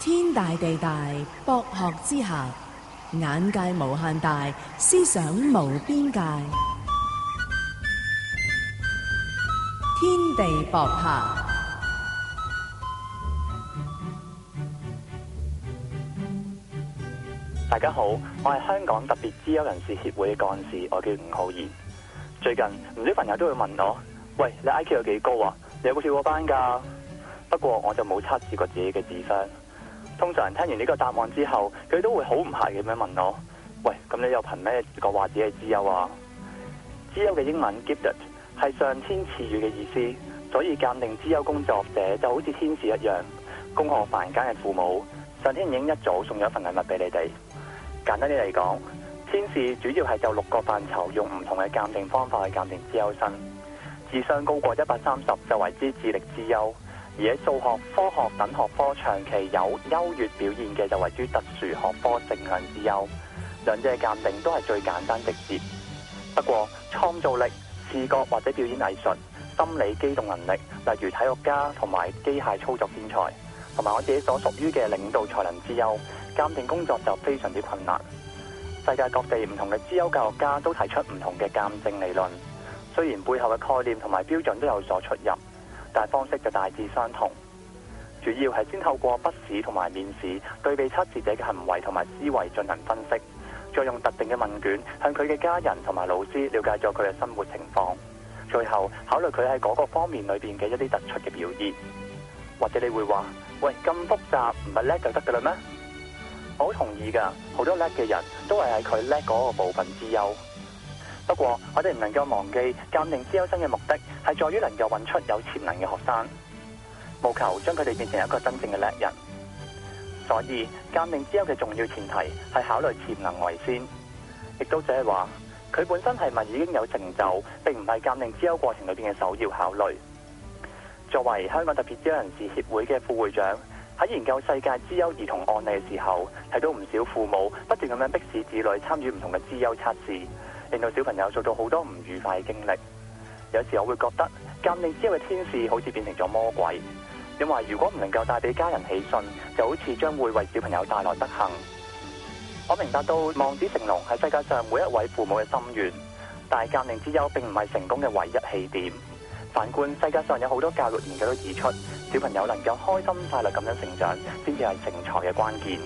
天大地大，博學之下，眼界無限大，思想無邊界。天地博客。大家好，我係香港特別資優人士協會嘅幹事，我叫吳浩然。最近唔少朋友都會問我：喂，你 IQ 有幾高啊？你有冇跳過班㗎？不過我就冇測試過自己嘅智商。通常聽完呢個答案之後，佢都會好唔客氣咁樣問我：喂，咁你又憑咩個話是自己係資優啊？資優嘅英文 gift 係上天賜予嘅意思，所以鑒定資優工作者就好似天使一樣，恭賀凡間嘅父母，上天已經一早送咗一份禮物俾你哋。簡單啲嚟講，天使主要係就六個範疇，用唔同嘅鑒定方法去鑒定資優身，智商高過一百三十就為之智力資優。而喺數學、科學等學科長期有優越表現嘅，就位於特殊學科正向資優。兩者鑒定都係最簡單直接。不過，創造力、視覺或者表演藝術、心理機動能力，例如體育家同埋機械操作天才，同埋我自己所屬於嘅領導才能資優，鑒定工作就非常之困難。世界各地唔同嘅資優教育家都提出唔同嘅鑒定理論，雖然背後嘅概念同埋標準都有所出入。方式就大致相同，主要係先透過筆試同埋面試，對被測試者嘅行為同埋思維進行分析，再用特定嘅問卷向佢嘅家人同埋老師了解咗佢嘅生活情況，最後考慮佢喺嗰個方面裏邊嘅一啲突出嘅表現。或者你會話，喂，咁複雜唔係叻就得噶啦咩？我好同意噶，好多叻嘅人都係喺佢叻嗰個部分之優。不過，我哋唔能夠忘記鑑定資優生嘅目的，係在於能夠揾出有潛能嘅學生，務求將佢哋變成一個真正嘅叻人。所以，鑑定資優嘅重要前提係考慮潛能為先，亦都即係話，佢本身係咪已經有成就，並唔係鑑定資優過程裏邊嘅首要考慮。作為香港特別資優人士協會嘅副會長，喺研究世界資優兒童案例嘅時候，睇到唔少父母不斷咁樣逼使子女參與唔同嘅資優測試。令到小朋友做到好多唔愉快嘅經歷，有時我會覺得鑑定之友嘅天使好似變成咗魔鬼，因為如果唔能夠帶俾家人喜訊，就好似將會為小朋友帶來不幸。我明白到望子成龍係世界上每一位父母嘅心願，但鑑定之友並唔係成功嘅唯一起點。反觀世界上有好多教育研究都指出，小朋友能夠開心快樂咁樣成長，先至係成才嘅關鍵。